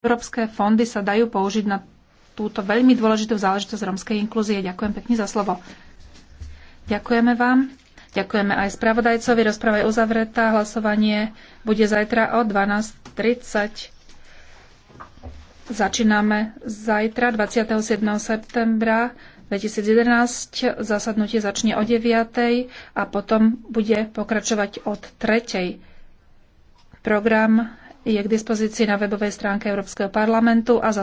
Európske fondy sa dajú použiť na túto veľmi dôležitú záležitosť romskej inklúzie. Ďakujem pekne za slovo. Ďakujeme vám. Ďakujeme aj spravodajcovi. Rozprava je uzavretá. Hlasovanie bude zajtra o 12.30. Začíname zajtra, 27. septembra 2011. Zasadnutie začne o 9. a potom bude pokračovať od 3. Program je k dispozícii na webovej stránke Európskeho parlamentu a za